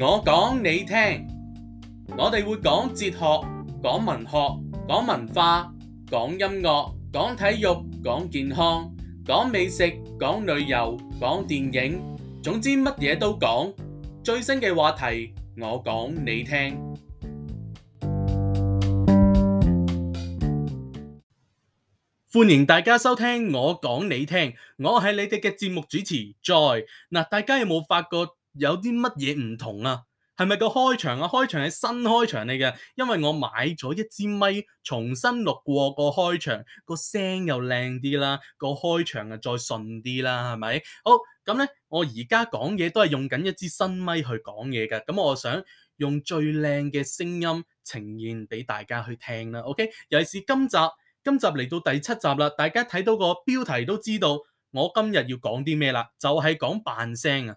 我講你聽，我哋會講哲學、講文學、講文化、講音樂、講體育、講健康、講美食、講旅遊、講電影，總之乜嘢都講。最新嘅話題，我講你聽。歡迎大家收聽我講你聽，我係你哋嘅節目主持 Joy。嗱，大家有冇發覺？有啲乜嘢唔同啊？係咪個開場啊？開場係新開場嚟嘅，因為我買咗一支咪，重新錄過個開場，個聲又靚啲啦，個開場啊再順啲啦，係咪？好咁咧，我而家講嘢都係用緊一支新咪去講嘢噶，咁我想用最靚嘅聲音呈現俾大家去聽啦。OK，尤其是今集，今集嚟到第七集啦，大家睇到個標題都知道我今日要講啲咩啦，就係講扮聲啊！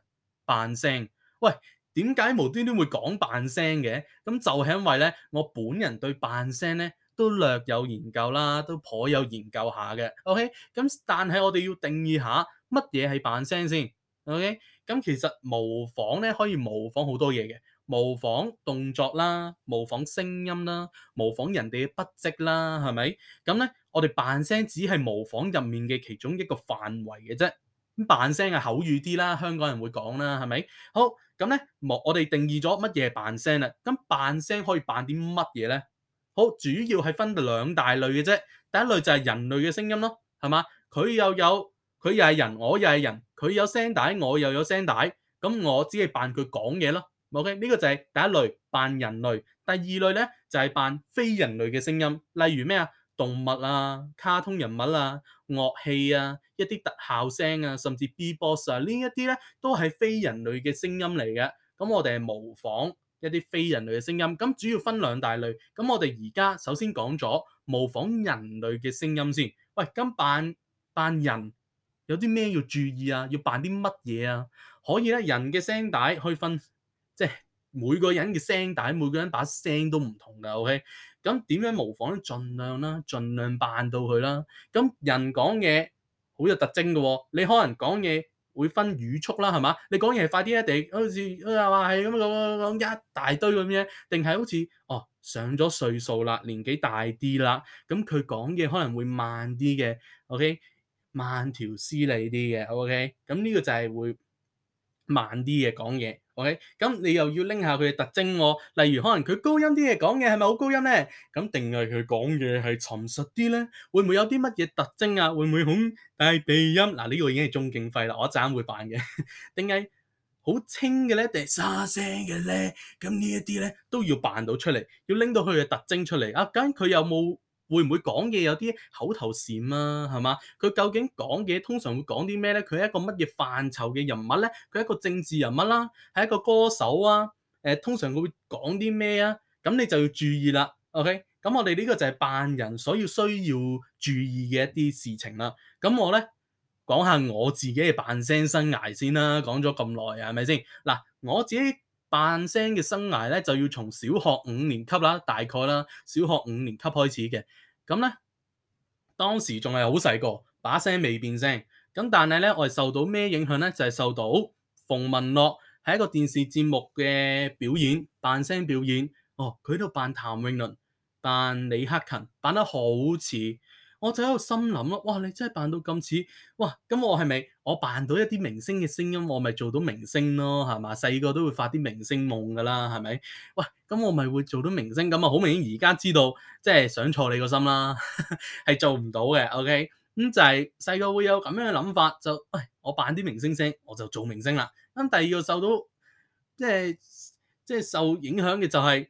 扮聲，喂，點解無端端會講扮聲嘅？咁就係因為咧，我本人對扮聲咧都略有研究啦，都頗有研究下嘅。OK，咁但係我哋要定義下乜嘢係扮聲先。OK，咁其實模仿咧可以模仿好多嘢嘅，模仿動作啦，模仿聲音啦，模仿人哋嘅筆跡啦，係咪？咁咧，我哋扮聲只係模仿入面嘅其中一個範圍嘅啫。扮聲啊，口語啲啦，香港人會講啦，係咪？好，咁咧，我哋定義咗乜嘢扮聲啦？咁扮聲可以扮啲乜嘢咧？好，主要係分兩大類嘅啫。第一類就係人類嘅聲音咯，係嘛？佢又有佢又係人，我又係人，佢有聲帶，我又有聲帶。咁我只係扮佢講嘢咯。OK，呢個就係第一類扮人類。第二類咧就係扮非人類嘅聲音，例如咩啊，動物啊、卡通人物啊、樂器啊。一啲特效聲啊，甚至 B-box 啊，呢一啲咧都係非人類嘅聲音嚟嘅。咁我哋係模仿一啲非人類嘅聲音。咁主要分兩大類。咁我哋而家首先講咗模仿人類嘅聲音先。喂，咁扮扮人有啲咩要注意啊？要扮啲乜嘢啊？可以咧，人嘅聲帶去分，即係每個人嘅聲帶，每個人把聲都唔同㗎。O.K. 咁點樣模仿咧？儘量啦，儘量扮到佢啦。咁人講嘢。好有特徵嘅喎，你可能講嘢會分語速啦，係嘛？你講嘢快啲一定好似又話係咁講講講一大堆咁樣，定係好似哦上咗歲數啦，年紀大啲啦，咁佢講嘢可能會慢啲嘅，OK，慢條斯理啲嘅，OK，咁，嗯，呢個就係會慢啲嘅講嘢。O.K. 咁你又要拎下佢嘅特徵喎、哦，例如可能佢高音啲嘢講嘅係咪好高音咧？咁定係佢講嘢係沉實啲咧？會唔會有啲乜嘢特徵啊？會唔會好大鼻音？嗱、啊、呢、呢個已經係鍾景輝啦，我一陣會扮嘅。定係好清嘅咧？定係沙聲嘅咧？咁呢一啲咧都要扮到出嚟，要拎到佢嘅特徵出嚟啊！咁佢有冇？會唔會講嘢有啲口頭禪啊？係嘛？佢究竟講嘢通常會講啲咩咧？佢係一個乜嘢範疇嘅人物咧？佢係一個政治人物啦、啊，係一個歌手啊？誒、呃，通常佢會講啲咩啊？咁你就要注意啦。OK，咁我哋呢個就係扮人所要需要注意嘅一啲事情啦。咁我咧講下我自己嘅扮聲生涯先啦。講咗咁耐係咪先？嗱，我自己。扮聲嘅生涯咧就要從小學五年級啦，大概啦，小學五年級開始嘅。咁咧當時仲係好細個，把聲未變聲。咁但係咧我係受到咩影響咧？就係、是、受到馮文樂喺一個電視節目嘅表演，扮聲表演。哦，佢喺度扮譚詠麟，扮李克勤，扮得好似。我就喺度心諗咯，哇！你真係扮到咁似，哇！咁我係咪我扮到一啲明星嘅聲音，我咪做到明星咯，係嘛？細個都會發啲明星夢㗎啦，係咪？喂，咁我咪會做到明星咁啊？好明顯而家知道，即係想錯你個心啦，係 做唔到嘅。OK，咁就係細個會有咁樣嘅諗法，就喂，哎，我扮啲明星聲，我就做明星啦。咁第二個受到即係即係受影響嘅就係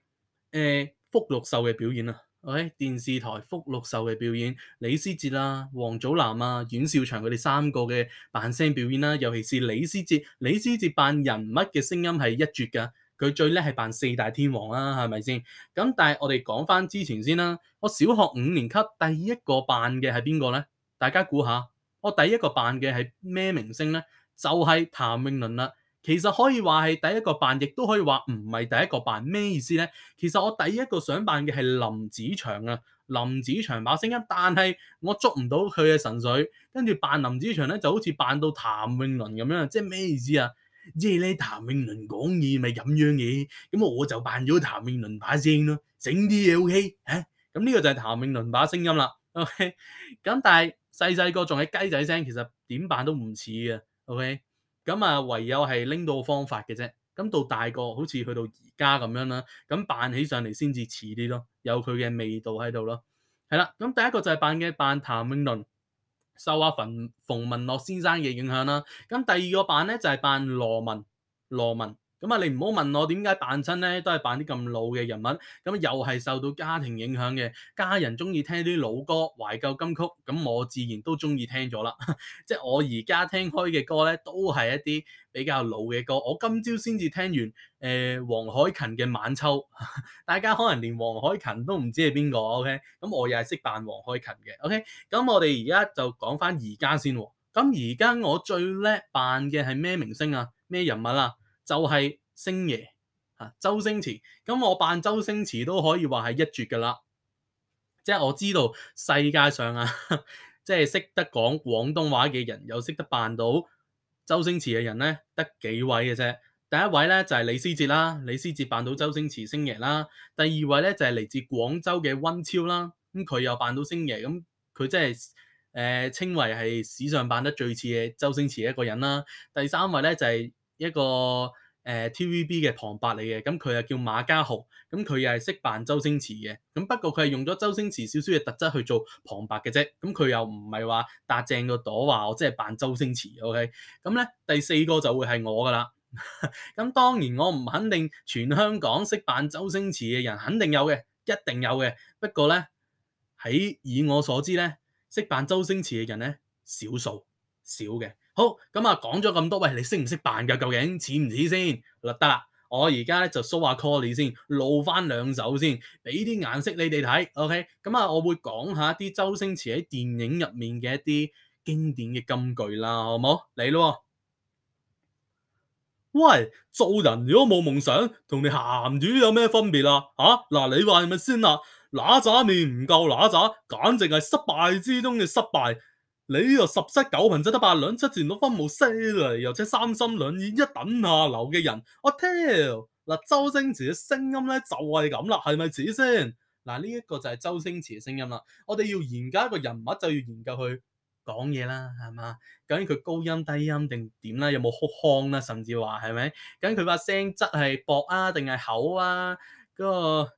誒，福祿壽嘅表演啊。喂，okay, 電視台福祿壽嘅表演，李思捷啊、黃祖藍啊、阮兆祥佢哋三個嘅扮聲表演啦，尤其是李思捷，李思捷扮人物嘅聲音係一絕噶，佢最叻係扮四大天王啦、啊，係咪先？咁但係我哋講翻之前先啦，我小學五年級第一個扮嘅係邊個咧？大家估下，我第一個扮嘅係咩明星咧？就係、是、譚詠麟啦。其實可以話係第一個扮，亦都可以話唔係第一個扮。咩意思咧？其實我第一個想扮嘅係林子祥啊，林子祥把聲音，但係我捉唔到佢嘅神髓，跟住扮林子祥咧就好似扮到譚詠麟咁樣，即係咩意思啊？即係你譚詠麟講嘢咪咁樣嘢，咁我就扮咗譚詠麟把聲咯，整啲嘢 OK 嚇、啊。咁呢個就係譚詠麟把聲音啦，OK。咁但係細細個仲係雞仔聲，其實點扮都唔似嘅，OK。咁啊，唯有係拎到方法嘅啫。咁到大個，好似去到而家咁樣啦，咁扮起上嚟先至似啲咯，有佢嘅味道喺度咯。係啦，咁第一個就係扮嘅扮譚詠麟，受阿馮馮文樂先生嘅影響啦。咁第二個扮咧就係、是、扮羅文，羅文。咁啊，你唔好問我點解扮親咧，都係扮啲咁老嘅人物。咁又係受到家庭影響嘅，家人中意聽啲老歌、懷舊金曲，咁我自然都中意聽咗啦。即 係我而家聽開嘅歌咧，都係一啲比較老嘅歌。我今朝先至聽完誒黃、呃、凱芹嘅《晚秋，》 大家可能連黃凱芹都唔知係邊個。OK，咁我又係識扮黃凱芹嘅。OK，咁我哋而家就講翻而家先。咁而家我最叻扮嘅係咩明星啊？咩人物啊？就係星爺啊，周星馳。咁我扮周星馳都可以話係一絕噶啦，即係我知道世界上啊，即係識得講廣東話嘅人，又識得扮到周星馳嘅人咧，得幾位嘅啫？第一位咧就係、是、李思哲啦，李思捷扮到周星馳星爺啦。第二位咧就係、是、嚟自廣州嘅温超啦，咁、嗯、佢又扮到星爺，咁佢即係誒稱為係史上扮得最似嘅周星馳一個人啦。第三位咧就係、是、一個。誒 TVB 嘅旁白嚟嘅，咁佢又叫馬家豪，咁佢又係識扮周星馳嘅，咁不過佢係用咗周星馳少少嘅特質去做旁白嘅啫，咁佢又唔係話搭正個朵話我真係扮周星馳，OK？咁咧第四個就會係我㗎喇，咁 當然我唔肯定全香港識扮周星馳嘅人肯定有嘅，一定有嘅，不過咧喺以我所知咧，識扮周星馳嘅人咧少數少嘅。好，咁、嗯、啊，講咗咁多，喂，你識唔識扮㗎？究竟似唔似先？嗱，得啦，我而家咧就 show 下 call 你先，露翻兩手先，俾啲顏色你哋睇。OK，咁、嗯、啊，我會講下啲周星馳喺電影入面嘅一啲經典嘅金句啦，好冇？嚟咯、啊，喂，做人如果冇夢想，同你鹹魚有咩分別啊？嚇，嗱，你話係咪先啊？哪吒面唔夠哪吒，簡直係失敗之中嘅失敗。你呢又十室九貧，就得八兩七錢，七完攞分冇西嚟，又似三心兩意一等下流嘅人。我 tell 嗱，周星馳嘅聲音咧就係咁啦，係咪先？嗱，呢一個就係周星馳嘅聲音啦。我哋要研究一個人物，就要研究佢講嘢啦，係嘛？究竟佢高音低音定點啦？有冇哭腔啦？甚至話係咪？究竟佢把聲質係薄啊定係厚啊？嗰、嗰個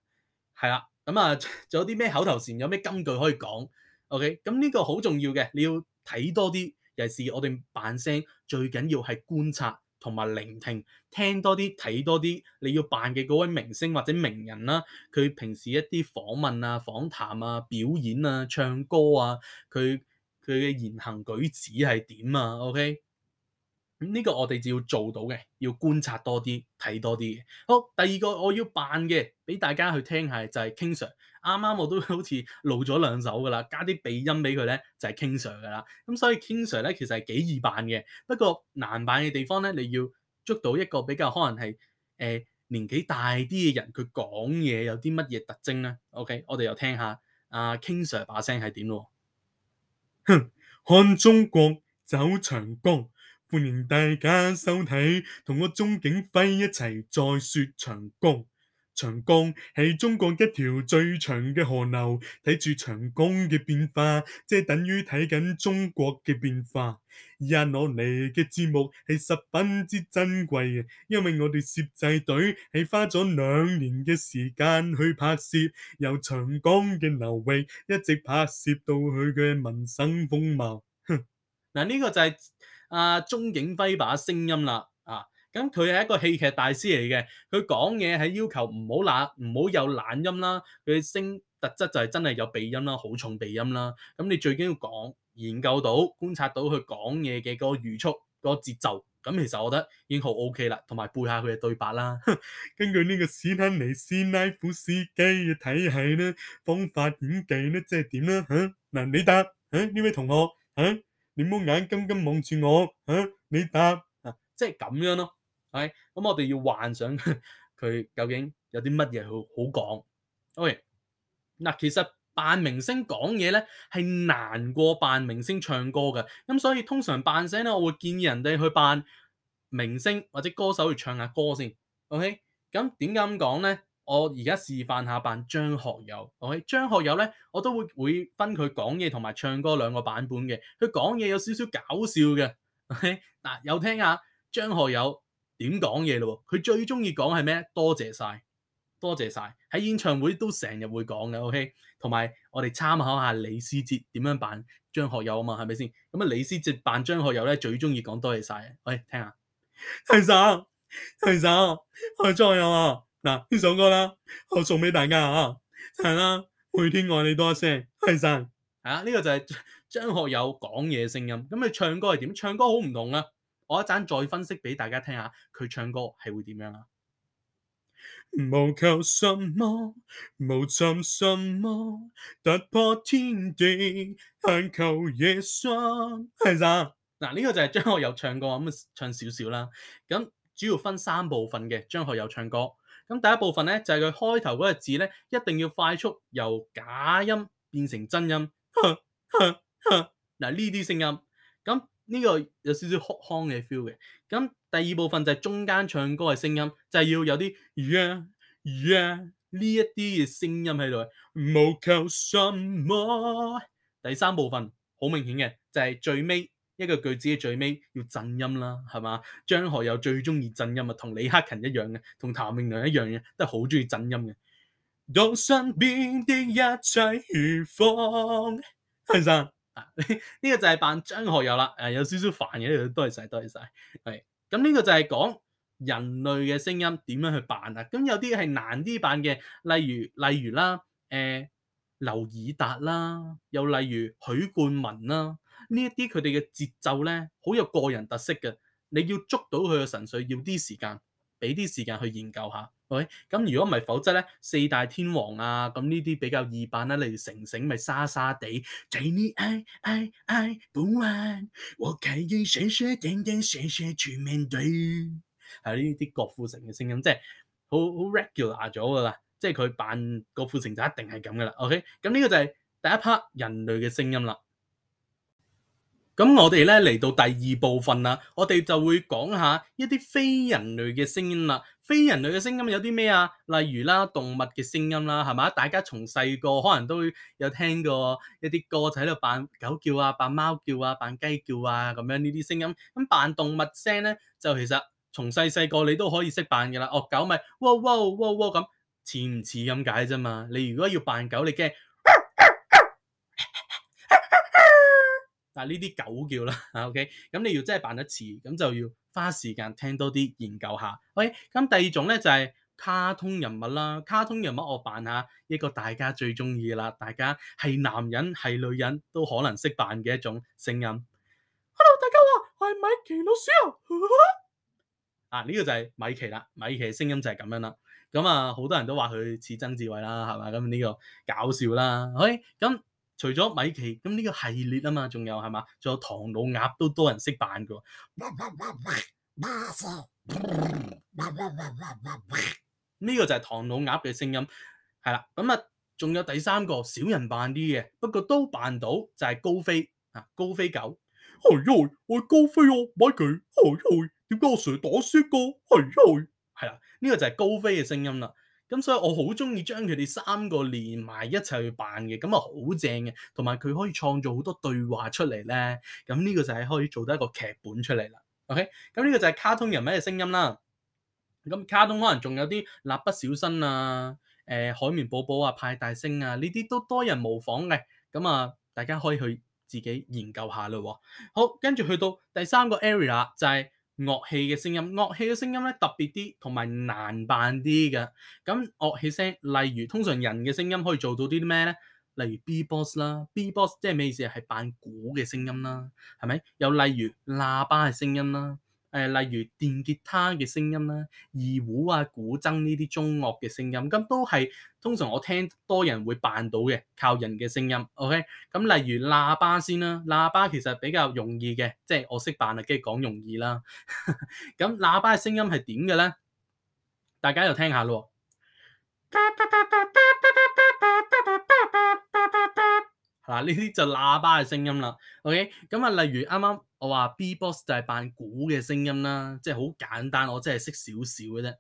係啦，咁啊，仲、嗯、有啲咩口頭禪？有咩金句可以講？OK，咁呢個好重要嘅，你要睇多啲。尤其是我哋扮聲，最緊要係觀察同埋聆聽，聽多啲，睇多啲。你要扮嘅嗰位明星或者名人啦，佢平時一啲訪問啊、訪談啊、表演啊、唱歌啊，佢佢嘅言行舉止係點啊？OK。Okay? 呢個我哋就要做到嘅，要觀察多啲，睇多啲。好，第二個我要扮嘅俾大家去聽下，就係、是、King Sir。啱啱我都好似露咗兩手噶啦，加啲鼻音俾佢咧，就係、是、King Sir 噶啦。咁所以 King Sir 咧其實係幾易扮嘅，不過難扮嘅地方咧，你要捉到一個比較可能係誒、呃、年紀大啲嘅人，佢講嘢有啲乜嘢特徵咧。OK，我哋又聽下啊，King Sir 把聲係點喎？哼，看中國走長江。歡迎大家收睇，同我鍾景輝一齊再說長江。長江係中國一條最長嘅河流，睇住長江嘅變化，即係等於睇緊中國嘅變化。今日我嚟嘅節目係十分之珍貴嘅，因為我哋攝製隊係花咗兩年嘅時間去拍攝，由長江嘅流域一直拍攝到佢嘅民生風貌。哼嗱，呢個就係、是。阿鐘、啊、景輝把聲音啦，啊，咁佢係一個戲劇大師嚟嘅，佢講嘢係要求唔好懶，唔好有懶音啦。佢聲特質就係真係有鼻音啦，好重鼻音啦。咁、嗯、你最緊要講研究到、觀察到佢講嘢嘅嗰個語速、個節奏。咁、嗯、其實我覺得已經好 OK 啦，同埋背下佢嘅對白啦。 根據呢個史坦尼斯拉夫斯基嘅體系咧，方法演技咧，即係點咧？嗱、啊啊，你答，呢、啊、位同學。啊你唔好眼金金望住我，吓、啊、你答，即係咁樣咯，係、okay? 咁我哋要幻想佢究竟有啲乜嘢好好講，O K 嗱其實扮明星講嘢咧係難過扮明星唱歌嘅，咁所以通常扮聲咧我會建議人哋去扮明星或者歌手去唱下歌先，O K 咁點解咁講咧？Okay? 我而家示範下扮張學友，OK？張學友咧，我都會會分佢講嘢同埋唱歌兩個版本嘅。佢講嘢有少少搞笑嘅，OK？嗱，有聽下張學友點講嘢咯。佢最中意講係咩？多謝晒，多謝晒。喺演唱會都成日會講嘅。OK？同埋我哋參考下李思捷點樣扮張學友啊嘛，係咪先？咁啊，李思捷扮張學友咧最中意講多謝晒。喂、okay？聽下，陳生，陳生，我再友啊！嗱，呢首歌啦，我送俾大家啊，係啦，每天愛你多一些，係生，啊，呢個就係張學友講嘢聲音，咁佢唱歌係點？唱歌好唔同啊！我一陣再分析俾大家聽下，佢唱歌係會點樣啊？無求什麼，無尋什麼，突破天地，但求夜深，係生。嗱，呢個就係張學友唱歌咁啊，嗯，唱少少啦。咁主要分三部分嘅張學友唱歌。咁第一部分咧就係、是、佢開頭嗰個字咧，一定要快速由假音變成真音，嗱呢啲聲音。咁呢個有少少哭腔嘅 feel 嘅。咁第二部分就係中間唱歌嘅聲音，就係、是、要有啲 yeah yeah 呢一啲嘅聲音喺度。冇求什麼。第三部分好明顯嘅就係、是、最尾。一個句子嘅最尾要震音啦，係嘛？張學友最中意震音啊，同李克勤一樣嘅，同譚詠麟一樣嘅，都係好中意震音嘅。當身邊的一切如風，先生啊，呢 個就係扮張學友啦。誒，有少少煩嘅，多謝晒，多謝晒。係咁，呢個就係講人類嘅聲音點樣去扮啊。咁有啲係難啲扮嘅，例如例如啦，誒、呃，劉以達啦，又例如許冠文啦。呢一啲佢哋嘅節奏咧，好有個人特色嘅。你要捉到佢嘅神髓要啲時間，俾啲時間去研究下。OK，咁如果唔係，否則咧，四大天王啊，咁呢啲比較易扮啦。例如成成，咪沙沙地。我可以用些些點點些些面對。係呢啲郭富城嘅聲音，即係好好 regular 咗噶啦。即係佢扮郭富城就一定係咁噶啦。OK，咁呢個就係第一 part 人類嘅聲音啦。咁我哋咧嚟到第二部分啦，我哋就會講下一啲非人類嘅聲音啦。非人類嘅聲音有啲咩啊？例如啦，動物嘅聲音啦，係咪？大家從細個可能都有聽過一啲歌仔喺度扮狗叫啊，扮貓叫,叫,叫啊，扮雞叫啊咁樣呢啲聲音。咁扮動物聲咧，就其實從細細個你都可以識扮噶啦。哦，狗咪、就是，哇哇哇哇咁似唔似咁解啫嘛？你如果要扮狗，你驚？但係呢啲狗叫啦 ，OK，咁你要真係扮得似，咁就要花時間聽多啲研究下。喂，k 咁第二種咧就係、是、卡通人物啦，卡通人物我扮下一個大家最中意啦，大家係男人係女人都可能識扮嘅一種聲音。Hello，大家好，我係米奇老鼠。啊，呢、這個就係米奇啦，米奇嘅聲音就係咁樣啦。咁啊，好多人都話佢似曾志偉啦，係嘛？咁呢個搞笑啦。OK，咁。除咗米奇，咁、這、呢個系列啊嘛，仲有係嘛？仲有唐老鴨都多人識扮㗎喎。呢個就係唐老鴨嘅聲音，係啦。咁啊，仲有第三個少人扮啲嘅，不過都扮到就係高飛啊。高飛狗係啊，愛高飛啊，米奇係啊，點解我成日打輸哥？係啊，係啦，呢個就係高飛嘅聲音啦。咁、嗯、所以我好中意將佢哋三個連埋一齊去扮嘅，咁啊好正嘅，同埋佢可以創造好多對話出嚟咧。咁呢個就係可以做得一個劇本出嚟啦。OK，咁呢個就係卡通人物嘅聲音啦。咁卡通可能仲有啲蠟筆小新啊、誒、呃、海綿寶寶啊、派大星啊，呢啲都多人模仿嘅。咁啊，大家可以去自己研究下咯。好，跟住去到第三個 area 就係、是。樂器嘅聲音，樂器嘅聲音咧特別啲，同埋難扮啲嘅。咁樂器聲，例如通常人嘅聲音可以做到啲啲咩咧？例如 B-box 啦，B-box 即係咩意思啊？係扮鼓嘅聲音啦，係咪？又例如喇叭嘅聲音啦。誒，例如電吉他嘅聲音啦，二胡啊、古箏呢啲中樂嘅聲音，咁都係通常我聽多人會扮到嘅，靠人嘅聲音。OK，咁例如喇叭先啦，喇叭其實比較容易嘅，即係我識扮啊，跟住講容易啦。咁喇叭嘅聲音係點嘅咧？大家又聽下咯。嗱，呢啲就喇叭嘅聲音啦。OK，咁啊，例如啱啱。我話 B-box 就係扮鼓嘅聲音啦，即係好簡單，我真係識少少嘅啫。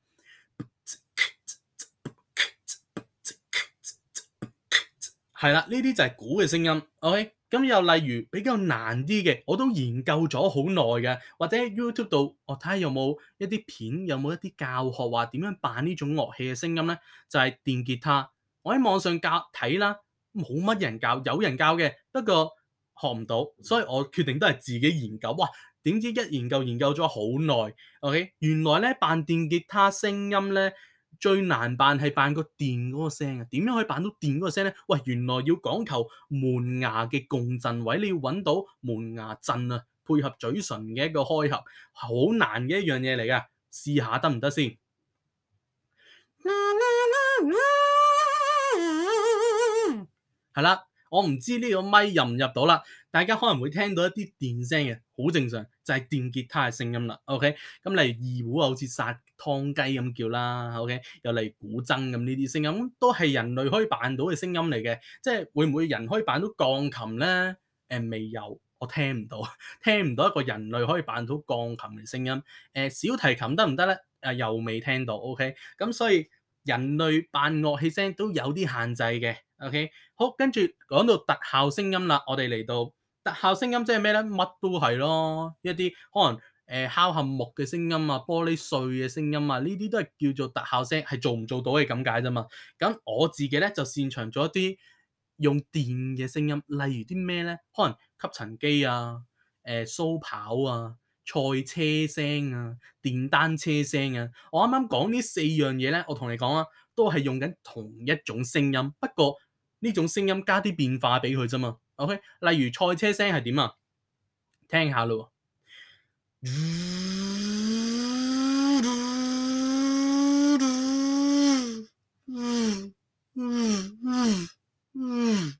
係啦，呢啲就係鼓嘅聲音。OK，咁又例如比較難啲嘅，我都研究咗好耐嘅，或者 YouTube 度，我睇下有冇一啲片，有冇一啲教學話點樣扮呢種樂器嘅聲音咧？就係電吉他。我喺網上教睇啦，冇乜人教，有人教嘅，不過。學唔到，所以我決定都係自己研究。哇！點知一研究研究咗好耐，OK，原來咧，扮電吉他聲音咧，最難扮係扮個電嗰個聲啊！點樣可以扮到電嗰個聲咧？喂，原來要講求門牙嘅共振位，你要揾到門牙震啊，配合嘴唇嘅一個開合，好難嘅一樣嘢嚟㗎。試下得唔得先？係啦。我唔知呢個咪入唔入到啦，大家可能會聽到一啲電聲嘅，好正常，就係、是、電吉他嘅聲音啦。OK，咁例如二胡啊，好似殺湯雞咁叫啦。OK，又例如古箏咁呢啲聲音，都係人類可以扮到嘅聲音嚟嘅。即係會唔會人可以扮到鋼琴咧？誒、啊、未有，我聽唔到，聽唔到一個人類可以扮到鋼琴嘅聲音。誒、啊、小提琴得唔得咧？啊又未聽到。OK，咁所以人類扮樂器聲都有啲限制嘅。OK，好，跟住講到特效聲音啦，我哋嚟到特效聲音即係咩咧？乜都係咯，一啲可能誒敲下木嘅聲音啊、玻璃碎嘅聲音啊，呢啲都係叫做特效聲，係做唔做到嘅咁解啫嘛。咁我自己咧就擅長咗一啲用電嘅聲音，例如啲咩咧？可能吸塵機啊、誒蘇跑啊、賽車聲啊、電單車聲啊。我啱啱講呢四樣嘢咧，我同你講啊，都係用緊同一種聲音，不過，呢種聲音加啲變化俾佢啫嘛，OK？例如賽車聲係點啊？聽下咯！ 嗯，嗯，嗯，嗯，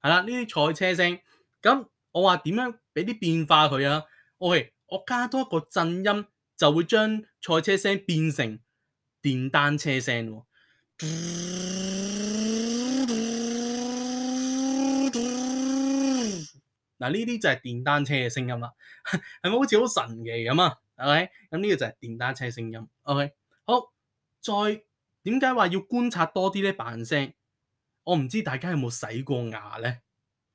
係啦，呢啲賽車聲。咁我話點樣俾啲變化佢啊？OK，我加多一個震音，就會將賽車聲變成電單車聲喎。 嗱，呢啲就係電單車嘅聲音啦，係咪好似好神奇咁啊？係咪？咁呢個就係電單車聲音。OK，好，再點解話要觀察多啲咧扮聲？我唔知大家有冇洗過牙咧？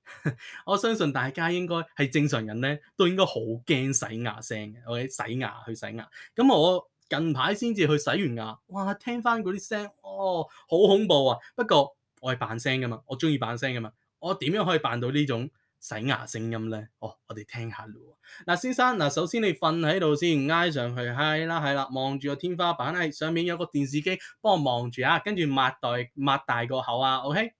我相信大家應該係正常人咧，都應該好驚洗牙聲嘅。OK，洗牙去洗牙。咁我近排先至去洗完牙，哇！聽翻嗰啲聲，哦，好恐怖啊！不過我係扮聲㗎嘛，我鍾意扮聲㗎嘛，我點樣可以扮到呢種？洗牙聲音咧，哦、oh，我哋聽下咯嗱、啊，先生，嗱、啊，首先你瞓喺度先，挨上去，係啦，係啦，望住個天花板，係上面有個電視機，幫我望住啊，跟住擘大擘大個口啊，OK。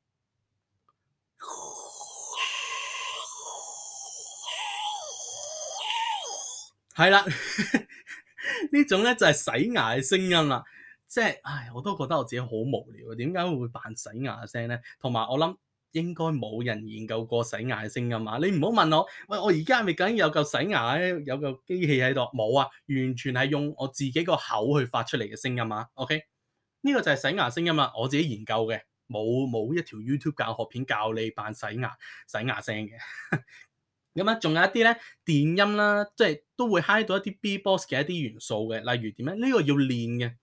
係 是啦， 種呢種咧就係、是、洗牙嘅聲音啦，即、就、係、是，唉，我都覺得我自己好無聊啊，點解會扮洗牙聲咧？同埋我諗。應該冇人研究過洗牙聲音嘛？你唔好問我，喂，我而家咪緊有嚿洗牙有嚿機器喺度，冇啊，完全係用我自己個口去發出嚟嘅聲音嘛，OK？呢個就係洗牙聲啊嘛，我自己研究嘅，冇冇一條 YouTube 教學片教你扮洗牙洗牙聲嘅。咁咧，仲有一啲咧電音啦，即係都會嗨到一啲 B-box 嘅一啲元素嘅，例如點咧？呢個要練嘅。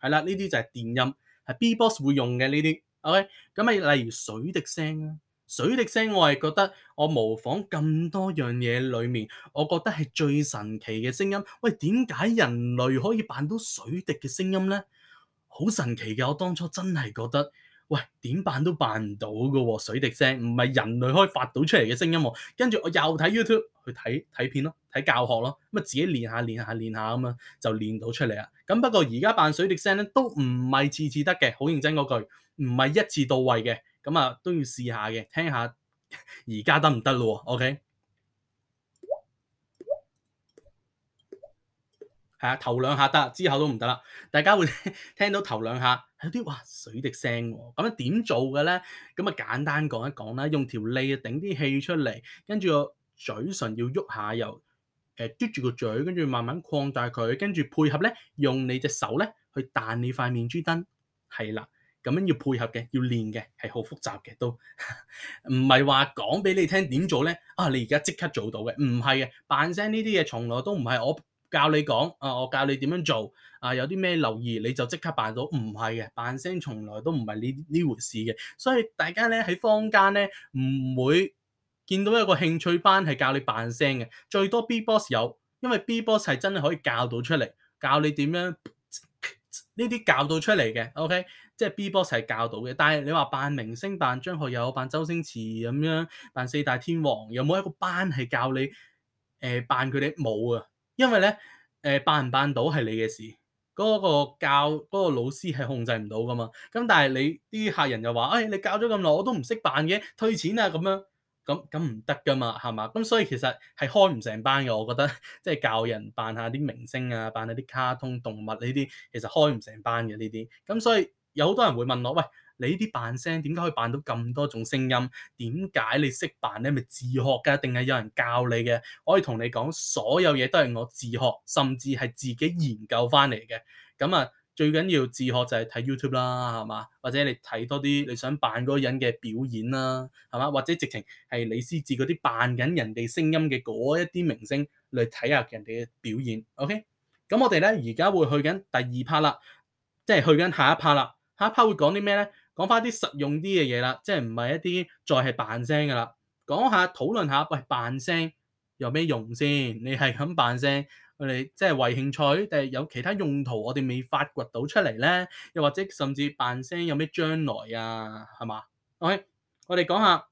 係啦，呢啲就係電音，係 B-box 會用嘅呢啲。OK，咁啊，例如水滴聲啊，水滴聲我係覺得我模仿咁多樣嘢裏面，我覺得係最神奇嘅聲音。喂，點解人類可以扮到水滴嘅聲音咧？好神奇嘅，我當初真係覺得。喂，點扮都扮唔到嘅喎，水滴聲唔係人類可以發到出嚟嘅聲音喎。跟住我又睇 YouTube 去睇睇片咯，睇教學咯，咁啊自己練下練下練下咁啊，就練到出嚟啦。咁不過而家扮水滴聲咧，都唔係次次得嘅，好認真嗰句，唔係一次到位嘅，咁啊都要試下嘅，聽下而家得唔得咯？OK。係啊，頭兩下得，之後都唔得啦。大家會聽到頭兩下有啲哇水滴聲喎，啊，咁樣點做嘅咧？咁啊簡單講一講啦。用條脷頂啲氣出嚟，跟住個嘴唇要喐下，又誒嘟、呃、住個嘴，跟住慢慢擴大佢，跟住配合咧，用你隻手咧去彈你塊面珠燈。係啦，咁樣要配合嘅，要練嘅，係好複雜嘅。都唔係話講俾你聽點做咧。啊，你而家即刻做到嘅，唔係嘅，扮聲呢啲嘢從來都唔係我。教你講啊！我教你點樣做啊！有啲咩留意你就即刻扮到，唔係嘅，扮聲，從來都唔係呢呢回事嘅。所以大家咧，喺坊間咧，唔會見到一個興趣班係教你扮聲嘅，最多 B-box 有，因為 B-box 係真係可以教到出嚟，教你點樣呢啲教到出嚟嘅。O.K. 即係 B-box 係教到嘅，但係你話扮明星、扮張學友、扮周星馳咁樣，扮四大天王，有冇一個班係教你誒、呃、扮佢哋冇啊？因為咧，誒扮唔扮到係你嘅事，嗰個教嗰個老師係控制唔到噶嘛。咁但係你啲客人又話：，誒、哎、你教咗咁耐，我都唔識扮嘅，退錢啊咁樣。咁咁唔得噶嘛，係嘛？咁所以其實係開唔成班嘅。我覺得即係 教人扮下啲明星啊，扮下啲卡通動物呢啲，其實開唔成班嘅呢啲。咁所以有好多人會問我：，喂。你呢啲扮聲點解可以扮到咁多種聲音？點解你識扮咧？咪自學㗎？定係有人教你嘅？我可以同你講，所有嘢都係我自學，甚至係自己研究翻嚟嘅。咁啊，最緊要自學就係睇 YouTube 啦，係嘛？或者你睇多啲你想扮嗰個人嘅表演啦，係嘛？或者直情係李思捷嗰啲扮緊人哋聲音嘅嗰一啲明星嚟睇下人哋嘅表演。OK，咁我哋咧而家會去緊第二 part 啦，即係去緊下一 part 啦。下一 part 會講啲咩咧？講翻啲實用啲嘅嘢啦，即係唔係一啲再係扮聲嘅啦，講下討論下喂，扮聲有咩用先？你係咁扮聲，我哋即係為興趣，定係有其他用途？我哋未發掘到出嚟咧，又或者甚至扮聲有咩將來啊？係嘛？OK，我哋講下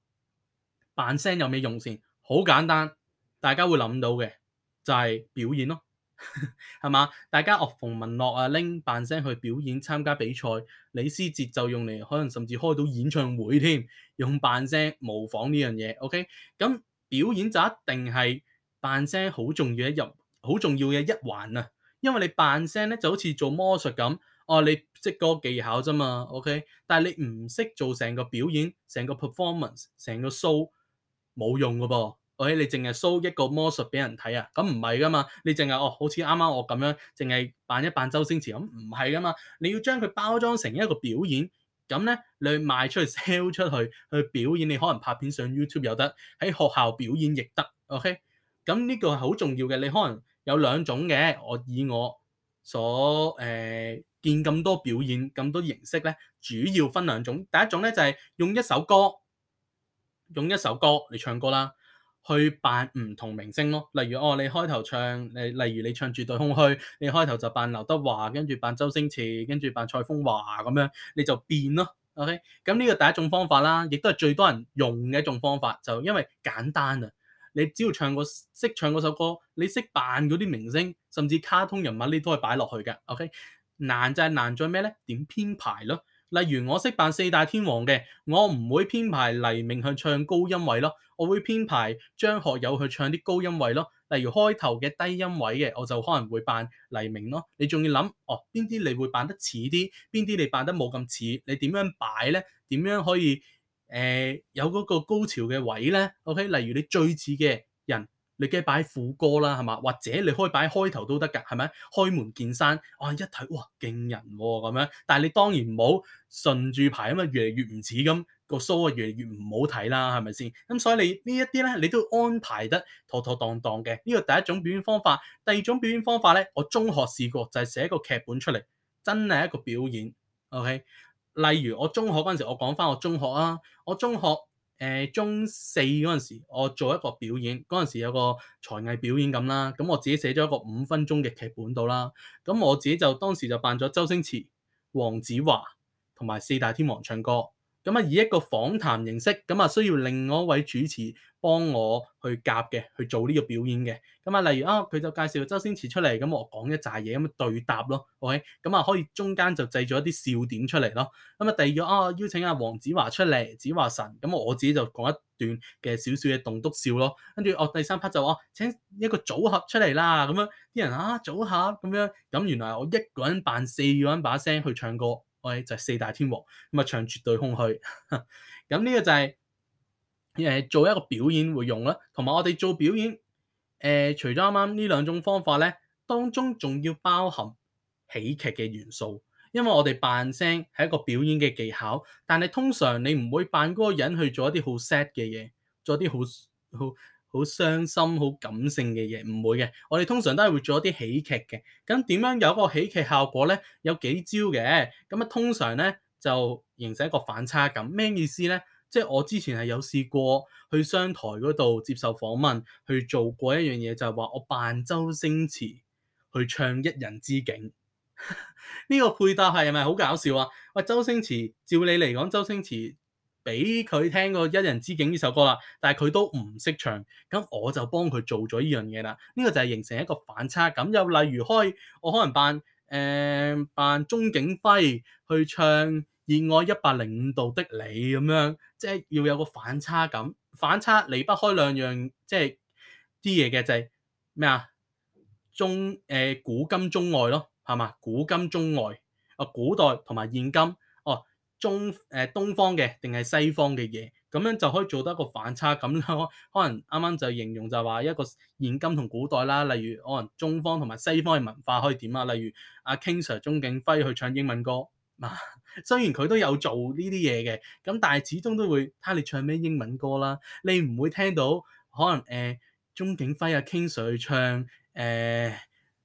扮聲有咩用先？好簡單，大家會諗到嘅就係表演咯。係嘛？ 大家樂逢文樂啊，拎扮聲去表演參加比賽。李思捷就用嚟可能甚至開到演唱會添，用扮聲模仿呢樣嘢。OK，咁表演就一定係扮聲好重要一入好重要嘅一環啊。因為你扮聲咧就好似做魔術咁，哦、啊，你識嗰個技巧咋嘛？OK，但係你唔識做成個表演，成個 performance，成個 show 冇用噶噃。誒，okay，你淨係 show 一個魔術俾人睇啊？咁唔係噶嘛，你淨係哦，好似啱啱我咁樣，淨係扮一扮周星馳咁，唔係噶嘛。你要將佢包裝成一個表演，咁咧你賣出去、sell 出去去表演，你可能拍片上 YouTube 又得，喺學校表演亦得。OK，咁呢個係好重要嘅。你可能有兩種嘅，我以我所誒、呃、見咁多表演咁多形式咧，主要分兩種。第一種咧就係、是、用一首歌，用一首歌嚟唱歌啦。去扮唔同明星咯，例如哦，你開頭唱，例例如你唱絕對空虛，你開頭就扮劉德華，跟住扮周星馳，跟住扮蔡風華咁樣，你就變咯，OK、嗯。咁呢個第一種方法啦，亦都係最多人用嘅一種方法，就因為簡單啊。你只要唱過識唱嗰首歌，你識扮嗰啲明星，甚至卡通人物，你都可以擺落去㗎，OK。難就係難在咩咧？點編排咯。例如我識扮四大天王嘅，我唔會編排黎明去唱高音位咯，我會編排張學友去唱啲高音位咯。例如開頭嘅低音位嘅，我就可能會扮黎明咯。你仲要諗哦，邊啲你會扮得似啲，邊啲你扮得冇咁似，你點樣擺咧？點樣可以誒、呃、有嗰個高潮嘅位咧？OK，例如你最似嘅人。你梗係擺副歌啦，係嘛？或者你可以擺開頭都得㗎，係咪？開門見山，我、啊、一睇哇勁人喎咁樣。但係你當然唔好順住排啊嘛，越嚟越唔似咁個 show 啊，越嚟越唔好睇啦，係咪先？咁所以你呢一啲咧，你都安排得妥妥當當嘅。呢個第一種表演方法，第二種表演方法咧，我中學試過就係、是、寫一個劇本出嚟，真係一個表演。OK，例如我中學嗰陣時，我講翻我中學啊，我中學。誒中四嗰陣時，我做一個表演，嗰陣時有個才藝表演咁啦，咁我自己寫咗一個五分鐘嘅劇本度啦，咁我自己就當時就扮咗周星馳、黃子華同埋四大天王唱歌。咁啊，以一個訪談形式，咁啊需要另外一位主持幫我去夾嘅，去做呢個表演嘅。咁啊，例如啊，佢就介紹周星馳出嚟，咁我講一扎嘢咁樣對答咯。OK，咁啊可以中間就製造一啲笑點出嚟咯。咁啊，第二個啊邀請阿黃子華出嚟，子華神，咁我自己就講一段嘅少少嘅棟篤笑咯。跟住哦，第三 part 就哦請一個組合出嚟啦，咁樣啲人啊組合咁樣，咁原來我一個人扮四個個人把聲去唱歌。我哋就四大天王，咁啊唱絕對空虛，咁 呢個就係、是、誒、呃、做一個表演會用啦。同埋我哋做表演，誒、呃、除咗啱啱呢兩種方法咧，當中仲要包含喜劇嘅元素，因為我哋扮聲係一個表演嘅技巧，但係通常你唔會扮嗰個人去做一啲好 sad 嘅嘢，做一啲好好。好傷心、好感性嘅嘢唔會嘅，我哋通常都係會做一啲喜劇嘅。咁點樣有個喜劇效果呢？有幾招嘅。咁啊，通常呢，就形成一個反差感。咩意思呢？即係我之前係有試過去商台嗰度接受訪問，去做過一樣嘢，就係話我扮周星馳去唱《一人之境。》 呢個配搭係咪好搞笑啊？喂，周星馳，照你嚟講，周星馳。俾佢聽個《一人之境》呢首歌啦，但係佢都唔識唱，咁我就幫佢做咗依樣嘢啦。呢、這個就係形成一個反差感，又例如開，我可能扮誒、呃、扮鍾景輝去唱《熱愛一百零五度的你》咁樣，即係要有個反差感。反差離不開兩樣，即係啲嘢嘅就係咩啊？中誒、呃、古今中外咯，係嘛？古今中外啊，古代同埋現今。中誒、呃、東方嘅定係西方嘅嘢，咁樣就可以做得一個反差咁 可能啱啱就形容就話一個現今同古代啦，例如可能中方同埋西方嘅文化可以點啊？例如阿 King Sir 鐘景輝去唱英文歌，嗱 雖然佢都有做呢啲嘢嘅，咁但係始終都會，睇你唱咩英文歌啦，你唔會聽到可能誒鐘、呃、景輝阿 King Sir 去唱誒、呃、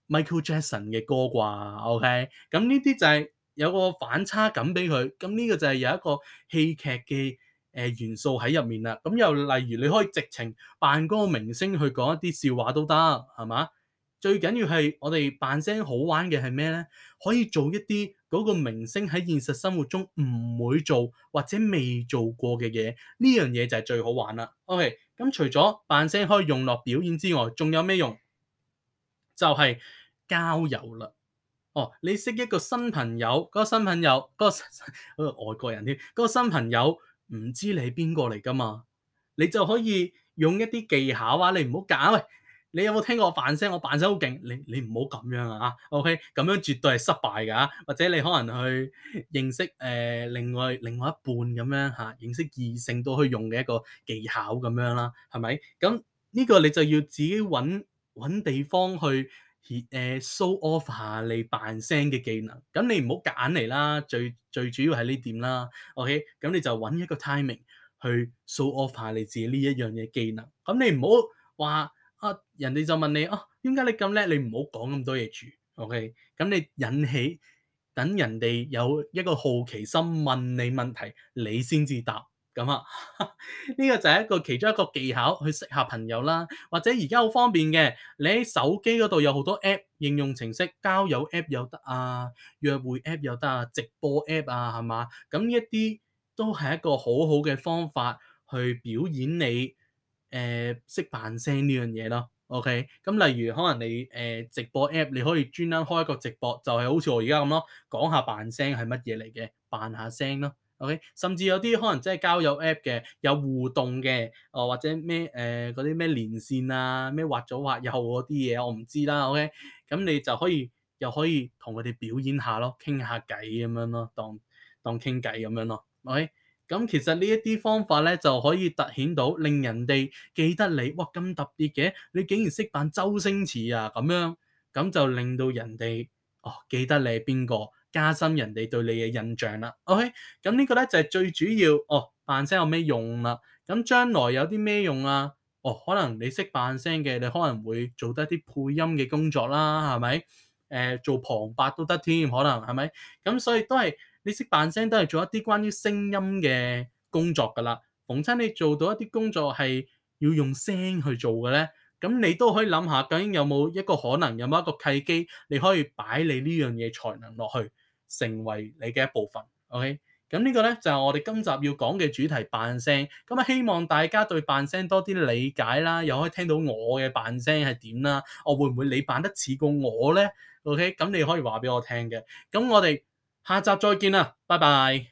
Michael Jackson 嘅歌啩。OK，咁呢啲就係、是。有個反差感俾佢，咁呢個就係有一個戲劇嘅誒、呃、元素喺入面啦。咁又例如你可以直情扮嗰個明星去講一啲笑話都得，係嘛？最緊要係我哋扮聲好玩嘅係咩咧？可以做一啲嗰個明星喺現實生活中唔會做或者未做過嘅嘢，呢樣嘢就係最好玩啦。OK，咁除咗扮聲可以用落表演之外，仲有咩用？就係交友啦。哦，你識一個新朋友，嗰、那個新朋友，嗰、那個 外國人添，嗰、那個新朋友唔知你係邊個嚟噶嘛？你就可以用一啲技巧啊，你唔好揀，喂！你有冇聽過我扮聲？我扮聲好勁，你你唔好咁樣啊，OK？咁樣絕對係失敗噶、啊，或者你可能去認識誒、呃、另外另外一半咁樣嚇、啊，認識異性都可以用嘅一個技巧咁樣啦、啊，係咪？咁呢個你就要自己揾揾地方去。誒 show off 下你扮聲嘅技能，咁你唔好夾硬嚟啦，最最主要係呢點啦，OK，咁你就揾一個 timing 去 show off 下你自己呢一樣嘢技能，咁你唔好話啊人哋就問你啊，點解你咁叻？你唔好講咁多嘢住，OK，咁你引起等人哋有一個好奇心問你問題，你先至答。咁啊，呢、這個就係一個其中一個技巧去識下朋友啦，或者而家好方便嘅，你喺手機嗰度有好多 app 應用程式，交友 app 又得啊，約會 app 又得啊，直播 app 啊，係嘛？咁一啲都係一個好好嘅方法去表演你誒識、呃、扮聲呢樣嘢咯。OK，咁例如可能你誒、呃、直播 app 你可以專登開一個直播，就係、是、好似我而家咁咯，講下扮聲係乜嘢嚟嘅，扮下聲咯。O.K.，甚至有啲可能即係交友 App 嘅，有互動嘅，哦，或者咩誒嗰啲咩連線啊，咩畫左畫右嗰啲嘢，我唔知啦。O.K.，咁你就可以又可以同佢哋表演下咯，傾下偈咁樣咯，當當傾偈咁樣咯。O.K.，嗯，咁其實呢一啲方法咧就可以突顯到，令人哋記得你，哇咁特別嘅，你竟然識扮周星馳啊咁樣，咁就令到人哋哦記得你係邊個。加深人哋對你嘅印象啦，OK？咁呢個咧就係最主要哦，扮聲有咩用啦？咁將來有啲咩用啊？哦，可能你識扮聲嘅，你可能會做得啲配音嘅工作啦，係咪？誒，做旁白都得添，可能係咪？咁所以都係你識扮聲都係做一啲關於聲音嘅工作噶啦。逢親你做到一啲工作係要用聲去做嘅咧。咁你都可以諗下，究竟有冇一個可能，有冇一個契機，你可以擺你呢樣嘢才能落去成為你嘅一部分。OK，咁呢個咧就係我哋今集要講嘅主題，扮聲。咁啊，希望大家對扮聲多啲理解啦，又可以聽到我嘅扮聲係點啦。我會唔會你扮得似過我咧？OK，咁你可以話俾我聽嘅。咁我哋下集再見啦！拜拜。